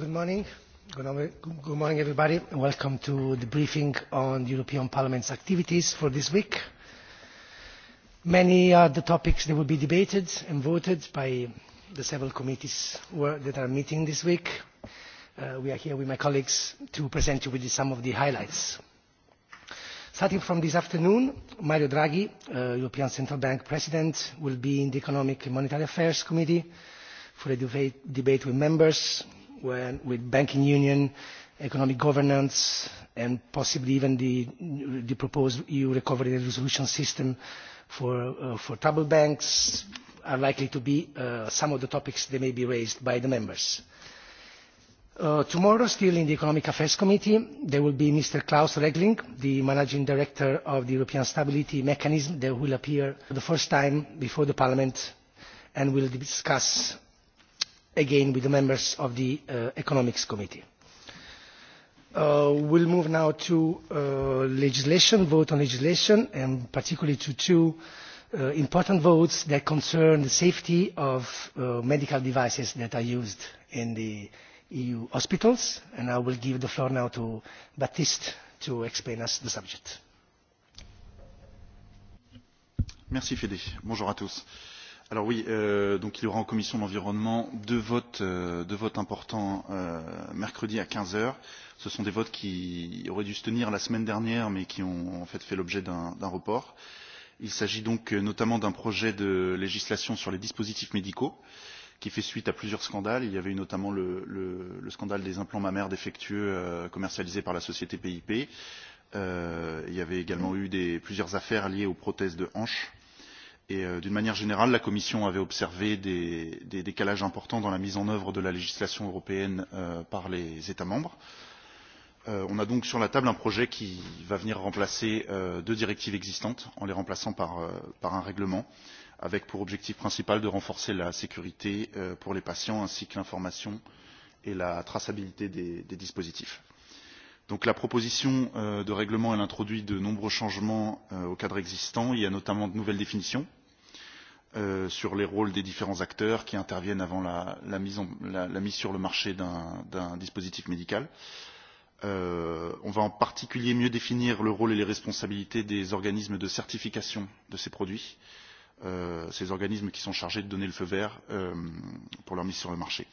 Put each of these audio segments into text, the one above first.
Good morning. Good morning, everybody. Welcome to the briefing on the European Parliament's activities for this week. Many are the topics that will be debated and voted by the several committees that are meeting this week. Uh, we are here with my colleagues to present you with some of the highlights. Starting from this afternoon, Mario Draghi, uh, European Central Bank President, will be in the Economic and Monetary Affairs Committee for a debate with members when, with banking union, economic governance, and possibly even the, the proposed EU recovery and resolution system for, uh, for troubled banks are likely to be uh, some of the topics that may be raised by the members. Uh, tomorrow, still in the Economic Affairs Committee, there will be Mr. Klaus Regling, the Managing Director of the European Stability Mechanism, that will appear for the first time before the Parliament and will discuss again with the members of the uh, Economics Committee. Uh, we'll move now to uh, legislation, vote on legislation, and particularly to two uh, important votes that concern the safety of uh, medical devices that are used in the EU hospitals. And I will give the floor now to Baptiste to explain us the subject. Merci Fédé. Bonjour à tous. Euh, Alors oui, euh, donc il y aura en commission de l'environnement deux votes, euh, deux votes importants euh, mercredi à 15 heures. Ce sont des votes qui auraient dû se tenir la semaine dernière, mais qui ont en fait fait l'objet d'un report. Il s'agit donc euh, notamment d'un projet de législation sur les dispositifs médicaux, qui fait suite à plusieurs scandales. Il y avait eu notamment le, le, le scandale des implants mammaires défectueux euh, commercialisés par la société PIP. Euh, il y avait également eu des, plusieurs affaires liées aux prothèses de hanches Et euh, d'une manière générale, la Commission avait observé des, des décalages importants dans la mise en œuvre de la législation européenne euh, par les États membres. Euh, on a donc sur la table un projet qui va venir remplacer euh, deux directives existantes en les remplaçant par, euh, par un règlement avec pour objectif principal de renforcer la sécurité euh, pour les patients ainsi que l'information et la traçabilité des, des dispositifs. Donc la proposition euh, de règlement elle introduit de nombreux changements euh, au cadre existant. Il y a notamment de nouvelles définitions euh, sur les rôles des différents acteurs qui interviennent avant la, la, mise, en, la, la mise sur le marché d'un dispositif médical. Euh, on va en particulier mieux définir le rôle et les responsabilités des organismes de certification de ces produits, euh, ces organismes qui sont chargés de donner le feu vert euh, pour leur mise sur le marché.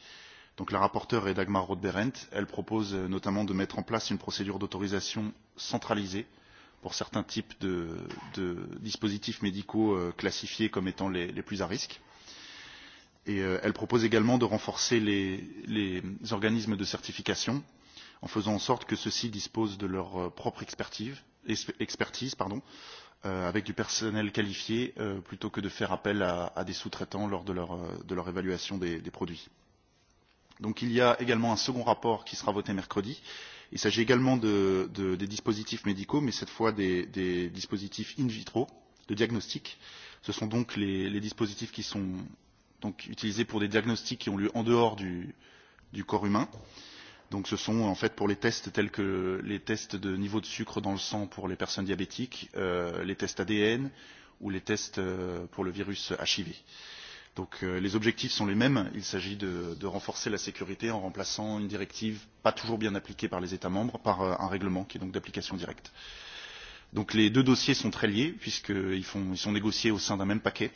Donc la rapporteure est Dagmar Roth-Berendt. Elle propose euh, notamment de mettre en place une procédure d'autorisation centralisée euh, pour certains types de, de dispositifs médicaux euh, classifiés comme étant les, les plus à risque. Et euh, elle propose également de renforcer les, les organismes de certification en faisant en sorte que ceux-ci disposent de leur euh, propre expertise, expertise pardon, euh, avec du personnel qualifié euh, plutôt que de faire appel à, à des sous-traitants lors de leur, euh, de leur évaluation des, des produits. Donc il y a également un second rapport qui sera voté mercredi euh, Il s'agit également de, de, des dispositifs médicaux, mais cette fois des, des dispositifs in vitro de diagnostic. Ce sont donc les, les dispositifs qui sont donc utilisés pour des diagnostics qui ont lieu en dehors du, du corps humain. Donc ce sont en fait pour les tests tels que les tests de niveau de sucre dans le sang pour les personnes diabétiques, euh, les tests ADN ou les tests euh, pour le virus HIV. Euh, Donc euh, les objectifs sont les mêmes. Il s'agit de, de renforcer la sécurité en remplaçant une directive pas toujours bien appliquée par les États membres par euh, un règlement qui est donc d'application directe. Donc les deux dossiers sont très liés puisqu'ils ils sont négociés au sein d'un même paquet.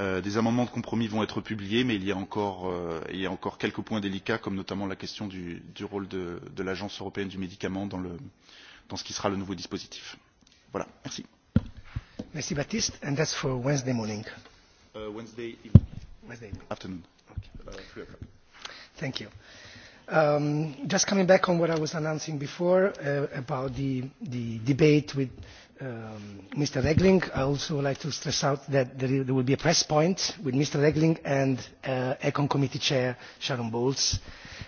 Euh, des amendements de compromis vont être publiés, mais il y a encore, euh, il y a encore quelques points délicats, comme notamment la question du, du rôle de, de l'Agence européenne du médicament dans, le, dans ce qui sera le nouveau dispositif. Voilà, merci. Merci Baptiste, and that's for Wednesday morning uh, Wednesday evening. Wednesday evening. Afternoon. Okay. Uh, three o'clock. Thank you. Um, just coming back on what I was announcing before uh, about the, the debate with um, Mr. Regling, I also would like to stress out that there, there will be a press point with Mr. Regling and uh, Econ Committee Chair Sharon Bowles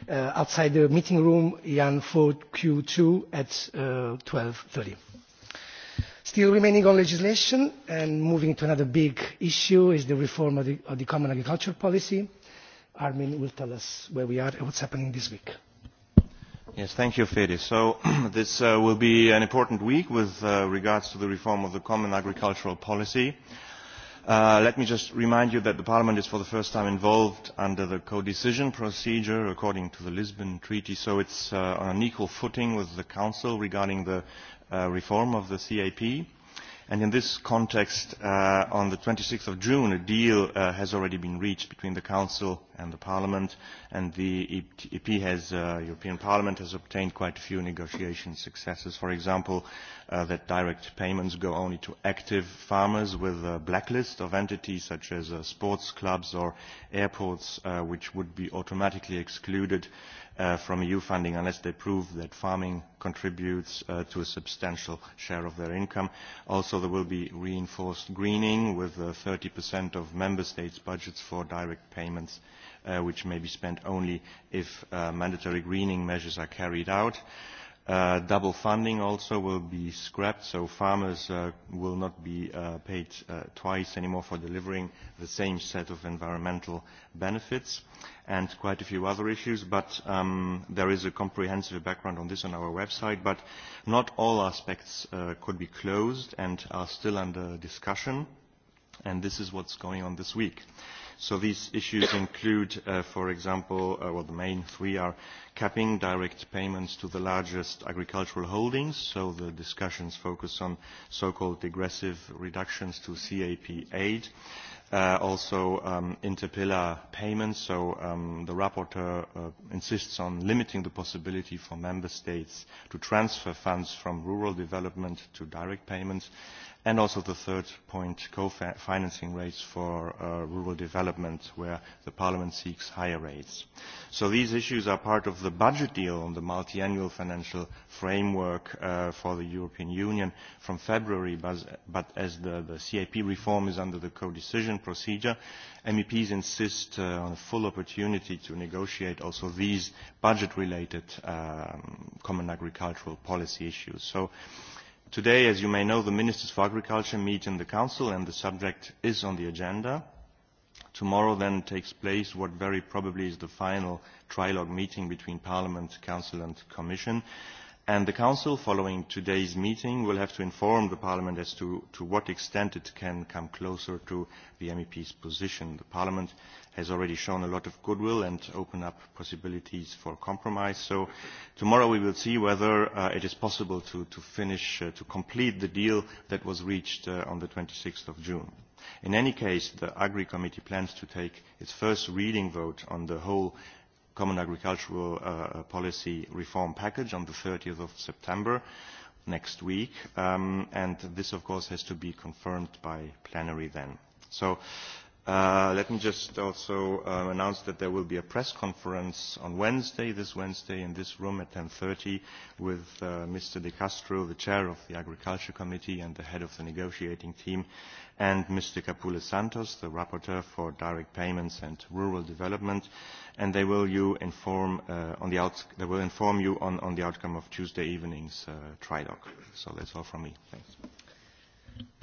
uh, outside the meeting room, Jan 4Q2 at uh, 12.30 still remaining on legislation and moving to another big issue is the reform of the, of the common agricultural policy. armin will tell us where we are and what is happening this week. Yes, thank you, Fede. So this uh, will be an important week with uh, regards to the reform of the common agricultural policy. Uh, let me just remind you that the Parliament is for the first time involved under the co-decision procedure according to the Lisbon Treaty, so it's uh, on an equal footing with the Council regarding the uh, reform of the CAP. And in this context, uh, on the 26th of June, a deal uh, has already been reached between the Council and the Parliament, and the EP e has, uh, European Parliament has obtained quite a few negotiation successes. For example, uh, that direct payments go only to active farmers with a blacklist of entities such as uh, sports clubs or airports, uh, which would be automatically excluded uh, from EU funding unless they prove that farming contributes uh, to a substantial share of their income. Also, there will be reinforced greening with uh, 30% of member states' budgets for direct payments, uh, which may be spent only if uh, mandatory greening measures are carried out. Uh, Uh, double funding also will be scrapped, so farmers uh, will not be uh, paid uh, twice anymore for delivering the same set of environmental benefits, and quite a few other issues. But um, there is a comprehensive background on this on our website. But not all aspects uh, could be closed and are still under discussion and this is what's going on this week. So these issues include, uh, for example, uh, well, the main three are capping direct payments to the largest agricultural holdings, so the discussions focus on so-called digressive reductions to CAP aid, uh, also um, interpillar payments, so um, the rapporteur uh, insists on limiting the possibility for member states to transfer funds from rural development to direct payments, and also the third point, co-financing rates for uh, rural development, where the Parliament seeks higher rates. So these issues are part of the budget deal on the multi-annual financial framework uh, for the European Union from February, but, but as the, the CAP reform is under the co-decision procedure, MEPs insist uh, on a full opportunity to negotiate also these budget-related um, common agricultural policy issues. So today as you may know the ministers for agriculture meet in the council and the subject is on the agenda. tomorrow then takes place what very probably is the final trilogue meeting between parliament council and commission and the council following today's meeting will have to inform the parliament as to to what extent it can come closer to the mep's position. the parliament has already shown a lot of goodwill and opened up possibilities for compromise so tomorrow we will see whether uh, it is possible to, to finish uh, to complete the deal that was reached uh, on the 26th of june. in any case the agri committee plans to take its first reading vote on the whole uh, Common Agricultural uh, uh, Policy Reform Package on the 30th of September next week, um, and this, of course, has to be confirmed by plenary then. So Uh, let me just also uh, announce that there will be a press conference on Wednesday, this Wednesday, in this room at 10.30 with uh, Mr. De Castro, the chair of the Agriculture Committee and the head of the negotiating team, and Mr. Capoulas Santos, the rapporteur for direct payments and rural development, and they will, you inform, uh, on the out they will inform you on, on the outcome of Tuesday evening's uh, trilogue. So that's all from me. Thanks.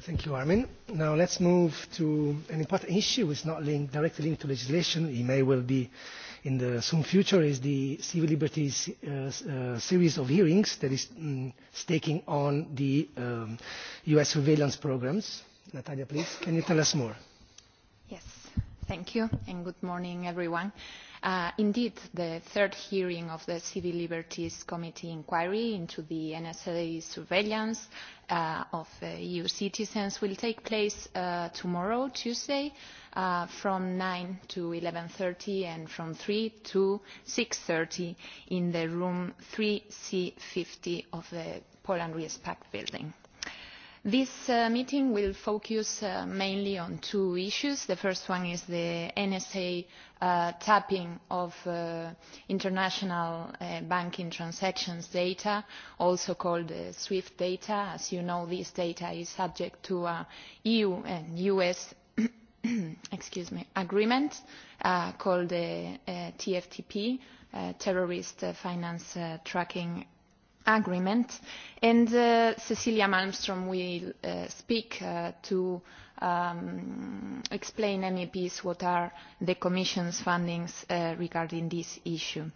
Thank you, Armin. Now let's move to an important issue which is not linked, directly linked to legislation. It may well be in the soon future is the civil liberties uh, uh, series of hearings that is um, mm, staking on the um, U.S. surveillance programs. Natalia, please, can you tell us more? Yes, thank you, and good morning, everyone. Uh, Uh, indeed, the third hearing of the Civil Liberties Committee inquiry into the NSA surveillance uh, of uh, EU citizens will take place uh, tomorrow, Tuesday, uh, from 9 to 11.30 and from 3 to 6.30 in the room 3C50 of the Poland Respect building. This uh, meeting will focus uh, mainly on two issues. The first one is the NSA uh, tapping of uh, international uh, banking transactions data, also called uh, SWIFT data. As you know, this data is subject to uh, EU and US excuse me, agreement uh, called the uh, uh, TFTP, uh, Terrorist uh, Finance uh, Tracking agreement and uh, cecilia malmstrm will uh, speak uh, to um, explain meps what are the commission's findings uh, regarding this issue.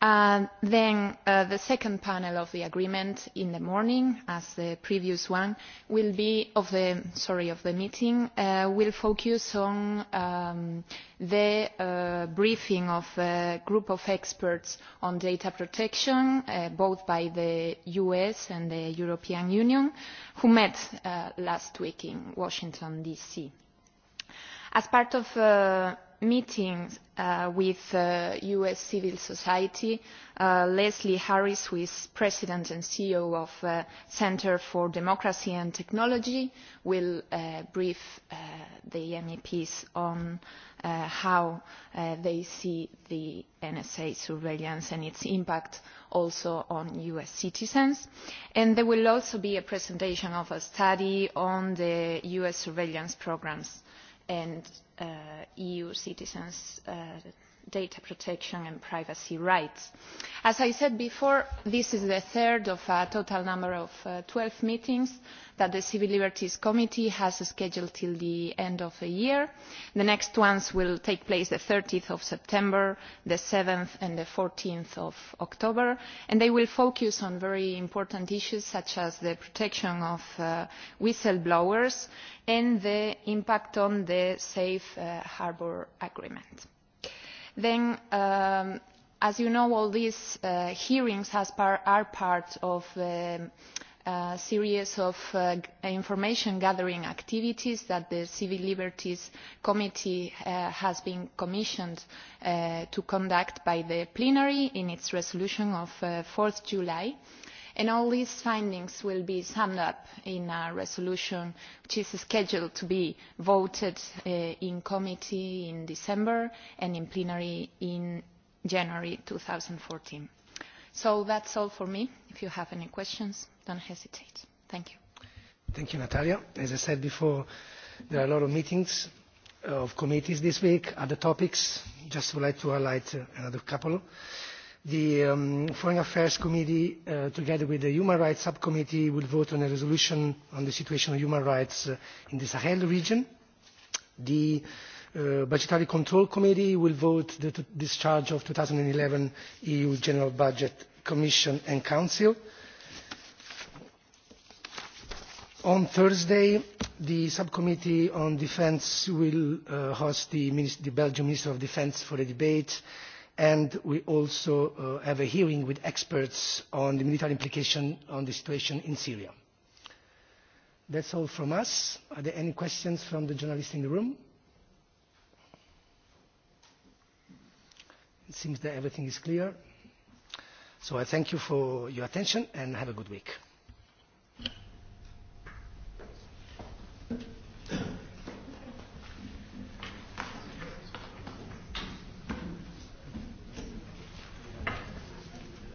Um, then uh, the second panel of the agreement in the morning, as the previous one, will be of the sorry of the meeting uh, will focus on um, the uh, briefing of a group of experts on data protection, uh, both by the US and the European Union, who met uh, last week in Washington D.C. As part of uh, meetings uh, with uh, US civil society, uh, Leslie Harris, who is President and CEO of uh, Center for Democracy and Technology, will uh, brief uh, the MEPs on uh, how uh, they see the NSA surveillance and its impact also on US citizens. And there will also be a presentation of a study on the US surveillance programs uh, and uh, EU citizens uh, data protection and privacy rights. As I said before, this is the third of a total number of uh, 12 meetings that the Civil Liberties Committee has scheduled till the end of the year. The next ones will take place the 30th of September, the 7th and the 14th of October, and they will focus on very important issues such as the protection of uh, whistleblowers and the impact on the Safe uh, Harbour Agreement then um, as you know all these uh, hearings par are part of um, a uh, series of uh, information gathering activities that the civil liberties committee uh, has been commissioned uh, to conduct by the plenary in its resolution of uh, four july and and all these findings will be summed up in a resolution which is scheduled to be voted uh, in committee in december and in plenary in january. two thousand and fourteen so that is all for me. if you have any questions do not hesitate. thank you. thank you natalia. as i said before there are a lot of meetings uh, of committees this week other topics. i would just like to highlight uh, another couple the um, Foreign Affairs Committee, uh, together with the Human Rights Subcommittee, will vote on a resolution on the situation of human rights uh, in the Sahel region. The uh, Budgetary Control Committee will vote the t discharge of 2011 EU e General Budget Commission and Council. On Thursday, the subcommittee on defence will uh, host the, Minister, the Belgian Minister of Defence for a debate and we also uh, have a hearing with experts on the military implication on the situation in Syria. That's all from us. Are there any questions from the journalists in the room? It seems that everything is clear. So I thank you for your attention and have a good week.